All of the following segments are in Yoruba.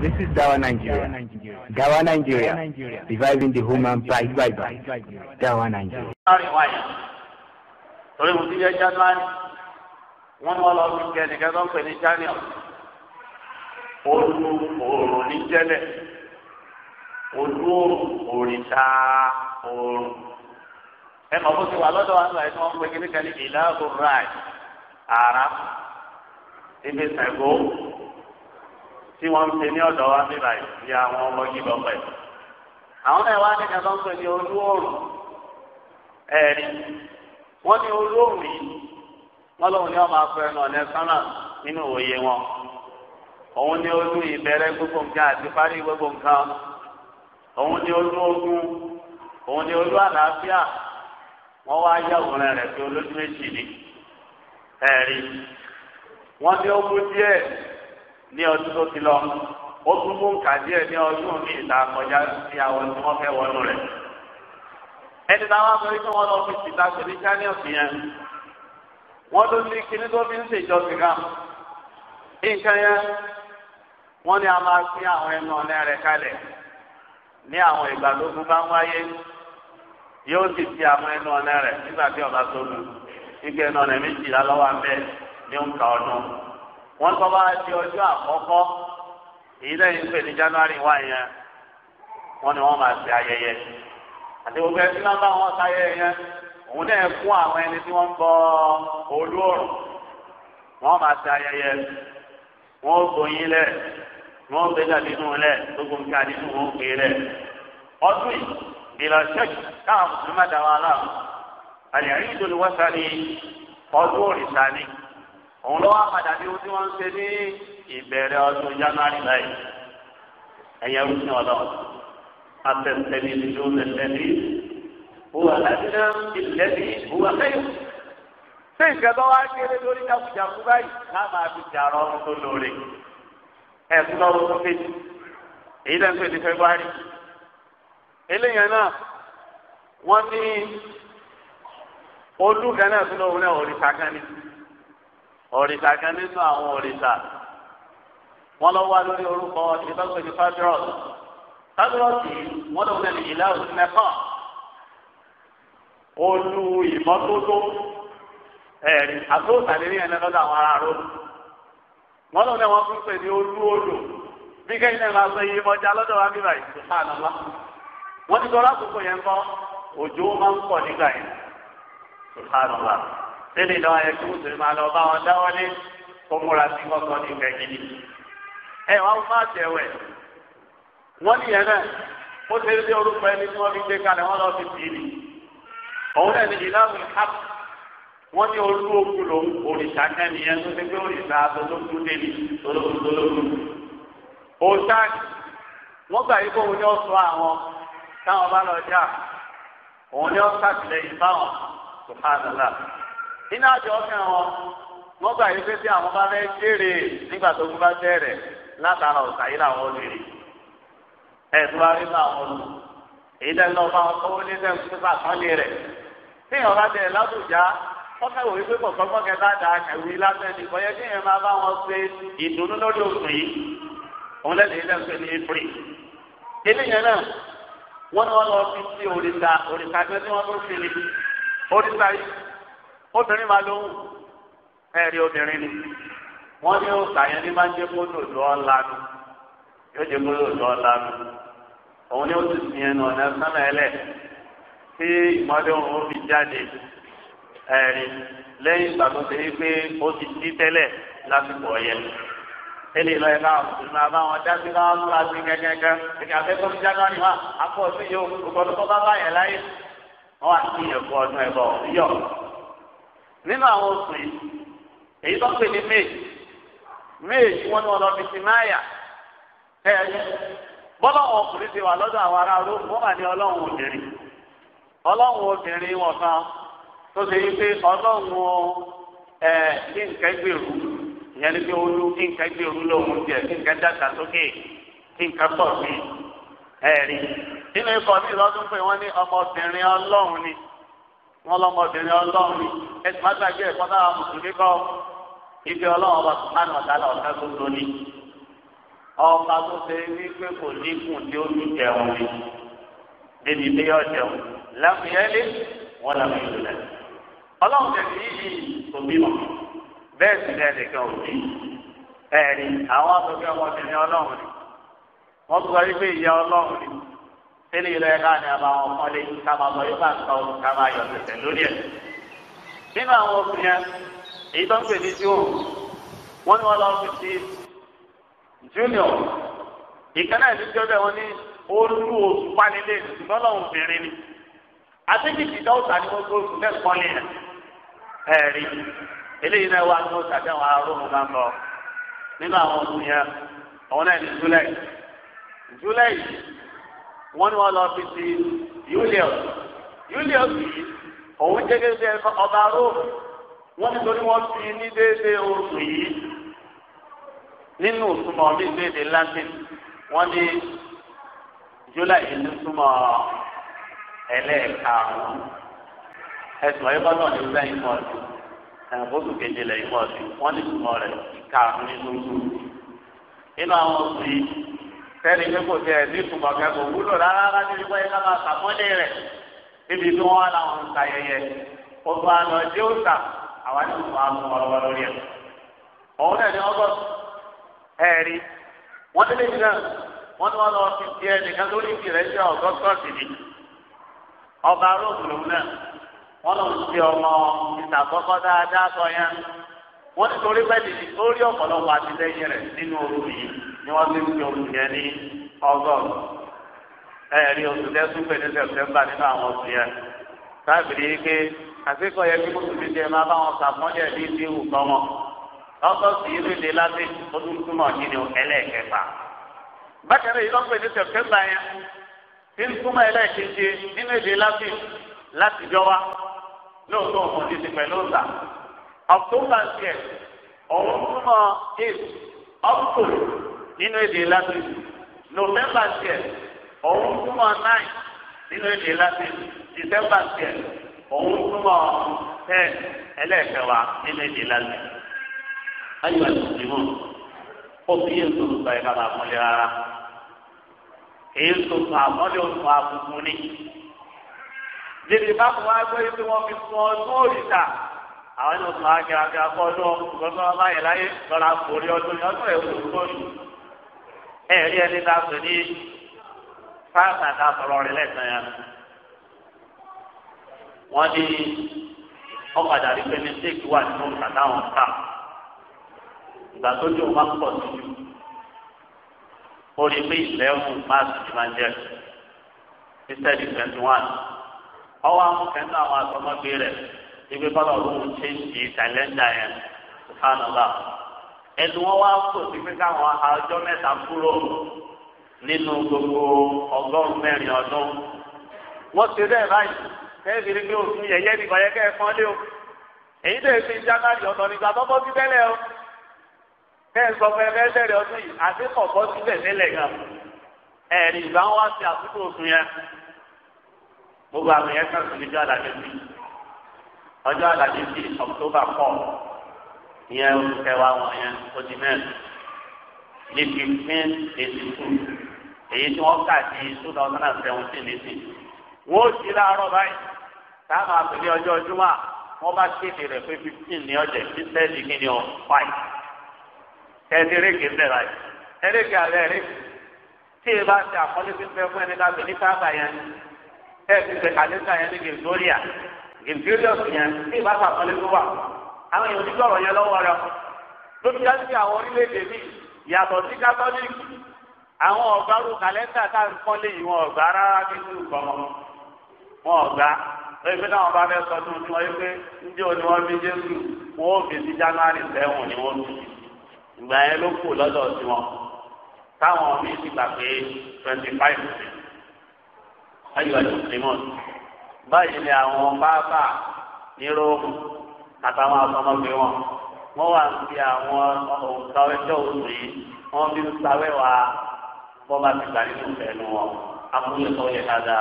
This is Dawa Nigeria. Dawa Nigeria. Reviving the human pride by by. Dawa Nigeria. Torí mo ti yẹ Jánáì, wọ́n mọ lọ sí kẹ́ nìkan tó ń pè ní Jáníọ̀. Olú òòrùn ní jẹ́lẹ̀. Olú òrìṣà òòrùn. Ẹ mọ̀ bó ti wà lọ́dọ̀ wa nígbà tí wọ́n ń pe kíníkan ní ìlà òòrùn ráì. Àrà. Ibi sẹ̀gbó. tí wọ́n ń ṣe ní ọ̀dọ̀ wa ní báyìí bí àwọn ọmọ yìí lọ pẹ̀. àwọn náà ní nígbà tó pè ní olú òòrùn ẹ̀rí wọ́n ní olú òòrùn yìí wọ́n lóun ní ọmọ afẹ́rẹ́ náà nínú òye wọn. òun ní olú ìbẹ̀rẹ̀ gbogbo nǹkan àti parí gbogbo nǹkan. òun ní ní ọdún tó ti lọ ó tún mú nǹkan díẹ̀ ní ọdún mi ìta kọjá sí àwọn tí wọ́n fẹ́ wọnú rẹ̀. ẹni táwọn akọ̀wé tí wọ́n lọ fi ṣìta pẹ̀lú chanius yẹn wọ́n ló ní kíní tó fi ń ṣèjọsìn kan nǹkan yẹn wọ́n ní a máa fi àwọn ẹnu ọ̀nà rẹ̀ kalẹ̀ ní àwọn ìgbà tó gbogbo àwọn ayé yóò sì fi àwọn ẹnu ọ̀nà rẹ̀ nígbà tí ọba tó lù ìgbà ẹnu ọ̀nà méjìlá lọ́wọ́ abẹ́ ní nǹkan ọdún wọ́n tọ́ bá di ọjọ́ àkọ́kọ́ èyí lẹ́yìn pé ní january wá yẹn wọ́n ní wọ́n máa ṣe ayẹyẹ àti gbogbo ẹbí máa bá wọn ṣayẹyẹ yẹn òun náà fún àwọn ẹni tí wọ́n ń bọ olú ọ̀rọ̀ wọ́n máa ṣe ayẹyẹ wọ́n ó gbóyin lẹ̀ wọ́n ó gbéjà nínú lẹ̀ gbogbo nǹkan nínú wọn ó gbé lẹ̀ ọdún yìí ṣẹ́kì káwọn mùsùlùmí máa dà àlẹ́ àríyìn tó lè wọ́n sáré ọdún òrìṣà ni òun ló wá padà bí ohun tí wọ́n ń ṣe ní ìbẹ̀rẹ̀ ọdún january báyìí ẹ̀yẹ ń sìn ọ̀dọ́ àtẹ̀tẹ̀lì ìlú tẹ̀tẹ̀lì òwò àlàdínà ìlẹ́bí òwò àlẹ́yìn. ṣé ìjọba wa kéré lórí jákujàku báyìí ká máa fi jàrọ ọdún tó lóore ẹ̀sùn lọ́rùn tó kéjì èyí lẹ́nu pé ní february eléyàn náà wọ́n ní olú ganan tó lọ́wọ́ náà òrìṣà kan ní. òrìṣà kan nínú àwọn òrìṣà wọn lọ wá lórí orúkọ ìtọ́gbẹ́ ní fabirọ́s fabirọ́sì wọn lọ wọlé ìlà òsínẹ́kọ̀ olú ìmọ́tótó ẹ̀rí àtòsàlérí ẹ̀ná lọ́dọ̀ àwọn ará wọn lọ wọn fún pè ní olú odò bí kẹ́yìn náà máa sọ iye mọ́jà lọ́dọ̀ wa bí báyìí ti sọ yẹn lẹ́lẹ̀ lọ́wọ́ ayẹ kí mùsùlùmí máa lọ bá wọn dáwọ́lé kó múra sí kọ́kọ́ ní ìgbẹ́ ẹ wá wọ́n máa tẹ̀ wọ́n nìyẹn náà ó ṣe é dé orúkọ ẹni tí wọ́n fi gbé kalẹ̀ wọ́n lọ sí tìrì òun náà ní ìlànà ìhàp wọ́n ní olú ogun lòun òrìṣà kẹ́niyẹn tó ti gbé òrìṣà tolókun débi tolókun tolókun. òṣàkì wọ́n gbà yìí kó òun ní ọ̀ṣọ́ àwọn táwọn bá lọ jà òun ní ọ̀ṣàkìlẹ̀yìn fáwọn sùpàdánlá iná àjọ ọ̀sìn wọn wọ́n gbà yí pé tí àwọn bá fẹ́ jèrè nígbà tó bá bẹ̀rẹ̀ látara ọ̀sà yìí làwọn olùrì ẹ̀sùn rí làwọn olù èyí lẹ́nu lọ bá wọn ní sẹ́yìn tó bá tán lé tí èèyàn bá bẹ̀rẹ̀ lábùjá wọ́n wò wípé kọ̀ọ̀kan kẹta dà kẹ̀wé lásán ní kí èèyàn máa bá wọn ṣe ìdùnnú lórí oṣù yìí òun lẹ́nu ilé ẹ̀sìn ní ìfìrì eléyàn náà wọ́n ní wọ́n lọ fi sí òrìṣà òrìṣà tí obìnrin máa lóhùn ẹ̀rí obìnrin ni wọ́n ní òkà ní máa ń jẹ́ kó lòdò ọ̀lànà yóò jẹ́ kó lòdò ọ̀lànà òun ni ó ti sìn ẹnu ọ̀nà sánà ẹlẹ̀ tí ìmọ̀lẹ́ òun ó fi jáde ẹ̀rí lẹ́yìn ìgbà tó ṣe wípé ó ti dí tẹ́lẹ̀ lásìkò ọ̀yẹ́ ele lọ ẹka ìmọ̀ àbáwọn dási káwọn múra sí gẹ́gẹ́gẹ́ ẹ̀ka akẹ́kọ̀ọ́ ní january wa akọ̀ sí yóò gbọdọ̀ tó bá bá yẹn láyé wọ́n wá sí ẹ̀kọ́ ọdún ẹ̀bọ̀ yọ̀ nínú àwọn oṣù yìí èyí tó ń pè ní may may wọ́n wọn lọ fi ti máyà ọkùnrin ti wà lọ́dọ̀ àwọn ará ró wọ́n wà ní ọlọ́run obìnrin ọlọ́run obìnrin wọn kan tó ṣe yí pé ẹ ni pé kí nǹkan gbèrú lóhun jẹ kí nǹkan dàgbà wọn lọmọbìnrin ọlọ́run ẹsùn àgbàgbé ẹ̀kọ́ náà mùsùlùmí kọ́ ibi ọlọ́run ọba sùnmánù ọ̀tàlá ọ̀tá tó tó ní ọba tó ṣe ní pé kò ní kùn tí ó ní jẹun ni débi ilé yọ jẹun lámìyẹlé wọn làmìyẹlé lẹ ọlọ́run tẹ̀sí yìí kò bímọ bẹ́ẹ̀ sì ní ẹnìkan ò ní ẹ̀rí àwọn asọ̀kẹ́ ọmọbìnrin ọlọ́run ni wọ́n sọ wípé ìyá ọlọ́run ni tẹ́lẹ̀ ìlọ ẹ̀ka ni àbá wọn kọ́ lé ká máa lọ yóò bá sọ ọdún ká máa yọ tẹ̀tẹ̀ lórí ẹ̀. nínú àwọn obìnrin yẹn èyí tó ń pè ní jíò wọ́n ní wọ́n lọ fi ti junior ìkànnà ìlú tí ó bẹ̀ wọ́n ní olú oṣù pánilé ṣùgbọ́n lọ́wọ́ obìnrin ni àtẹ́kìtì dọ́wọ́sà ni wọ́n tó oṣù mẹ́kọ́ ní ẹ̀ ẹ̀rí eléyìí náà wà ní oṣù àtẹ̀wọ̀n arúgbó máa ń bọ̀ nínú àwọn obìnrin yẹn àwọn náà ní júlẹ̀ wọ́n ní wọ́n lọ fi ti Julius Julius yìí òun jẹ́ gẹ́gẹ́ ọba Róòmù wọ́n nítorí wọ́n fi ní déédéé oṣù yìí nínú ìtumọ̀ mi déédéé Latin wọ́n ní July yìí ní túmọ̀ ẹlẹ́ẹ̀karùn-ún ẹ̀sùn ayébá náà ní ọjọ́ ìmọ̀ ọ̀sìn ẹ̀bùsùn kejìlẹ̀ ìmọ̀ ọ̀sìn wọ́n ní túmọ̀ rẹ̀ ìkarùn-ún nínú oṣù inú àwọn oṣù yìí. sẹ́ni pé kò tiẹ̀ ní ìtumọ̀ kẹ́kọ̀ọ́ wúlò rárá láti rí wáyé kábà sàmọ́lé rẹ̀ níbi tí wọ́n wá láwọn ń yẹyẹ ọgbà àná tí ó àwọn ọlọ́wọ́ lórí ẹ̀. ọ̀hún náà ni wọ́n gbọ́ ẹ̀rí wọ́n tẹ́lẹ̀ ní náà wọ́n ní wọ́n lọ fi ti lórí rẹ̀ jẹ́ ni ọba náà wọ́n lọ ọmọ ìtàkọ́kọ́ dáadáa sọ yẹn wọ́n ti ni wọ́n ti fi oṣù yẹn ní ọgọ́rùn ẹ̀rí oṣù lẹ́sùn pé ní sẹ̀tẹ́mbà nínú àwọn oṣù yẹn tábìlì yìí pé àfikọ́ yẹ kí mùsùlùmí jẹ máa bá wọn sàpọ́njẹ́ bí ti wù kọ́mọ ọkọ̀ sì yìí lè láti oṣù túmọ̀ nínú ẹlẹ́ẹ̀kẹfà bákan náà yìí lọ́pọ̀ ní sẹ̀tẹ́mbà yẹn tí ń túmọ̀ ẹlẹ́ẹ̀kẹjẹ nínú èdè láti láti jọba lóòótọ́ òun ti ti pẹ̀lú ọ̀sà ọ̀tún bá ń tiẹ̀ òun nínú èdè latin november tiẹ̀ òun túmọ̀ nine nínú èdè latin december tiẹ̀ òun túmọ̀ ten ẹlẹ́ẹ̀kẹwàá nínú èdè latin. ayọ̀ àti ìmọ̀ ó fi yé nsọ̀rọ̀ sọ ẹ̀ka bá mọ́lẹ̀ rárá èyí sọ̀rọ̀ àmọ́lẹ̀ oṣù àbùkù ni. Dèdè bá kọ́ wá gbé ibi wọn fi fún ọdún òrìṣà àwọn ẹni oṣù àgbẹ̀ àgbẹ̀ àkọ́ ọdún ọgbọ̀n bá yẹ láyé lọ́la kò rí ọdún yọdún ẹ̀ wò lórí ẹ̀rí ẹni tá a sọ ní fáàtà tá a sọ̀rọ̀ rẹ̀ lẹ́sàn yẹn. wọ́n ní ọ̀padà rí pé mistake wà nínú kàtà wọn kà ìgbà tó dùn máa ń pọ̀ sí i ó rí pé ìlẹ́wù máa sì ti máa ń jẹ́ instead of twenty one ọwọ́ àwọn àwọn àtọmọ́gbé rẹ̀ ibi bọ́lá olóhùn ṣe ń di tàlẹ́ńdà yẹn sùfàánù láà ẹnu wọn wá sọ sí pé káwọn àjọ mẹ́ta kúrò nínú gbogbo ọgọ́rùn mẹ́rin ọdún wọn ti rẹ báyìí kẹfì rí òfin yẹyẹ nìkan yẹ kẹ ẹ lé o èyí tó fi jákàdì ọ̀tọ̀ nígbà tó bọ́ sí o kẹ ẹ sọ fún ẹ fẹ́ bẹ̀rẹ̀ ọdún yìí àti kọ̀ bọ́ sí tẹ́lẹ̀ gan ẹ̀rì ìgbà wọn wá sí àkókò òfin yẹn gbogbo àwọn yẹn kàn sí ní àdàdé bíi ọjọ́ àdàdé bíi October four ìyẹn oṣù kẹwàá wọn yẹn ó di mẹ́rin ní fifteen eighty two èyí tí wọ́n kà sí two thousand and seventeen nísìn wọ́n ó sì láàárọ̀ báyìí táwọn àpèlé ọjọ́ júmọ́ wọ́n bá kéde rẹ̀ pé fifteen ní ọjọ́ fífẹ́ẹ̀dì kí ni ọ five tẹ́tí eréke ń bẹ̀rẹ̀ báyìí eréke àlẹ́ eréke tí e bá ṣe àkọlé fífẹ́ fún ẹni láti ní sábà yẹn tẹ́ẹ̀tì ṣe kàlẹ́sà yẹn ní gilgoria gilgoria yẹn tí e bá ṣe àkọlé fún wa àwọn èèyàn ti gbọ́rọ̀ yẹn lọ́wọ́ rẹ̀ lóbi dá sí àwọn orílẹ̀-èdè mi yàtọ̀ sí kátólíìkì àwọn ọ̀gá ru kàlẹ́ńdà tá à ń pọ́n lé yìí wọn ọ̀gá rárá nínú ìgbọ̀mọ̀ wọn ọ̀gá lórí pé táwọn bá fẹ́ sọ tó ní wọn pé ǹjẹ́ òní wọn bí jésù wọn ò fi sí january seven ni wọn tù ìgbà yẹn ló kù lọ́dọ̀ sí wọn táwọn míì ti gbà pé twenty five ayọ̀ àti mùsùlùmí báyìí ni àwọn bábà ní róòmù àtàwọn àtọmọgbé wọn wọn wà sí àwọn òǹkà ọjọ́ òsì wọn bí ń sawẹ́wà bọ́ba ti gbà nínú ìfẹ́nu wọn akúnyẹ tó yẹ káda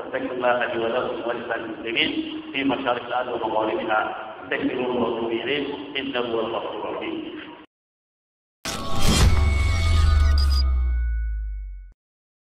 أستغفر الله لي ولكم ولسائر المسلمين في مشارق الأرض ومغاربها استغفروه وتوبوا إليه إنه هو الغفور الرحيم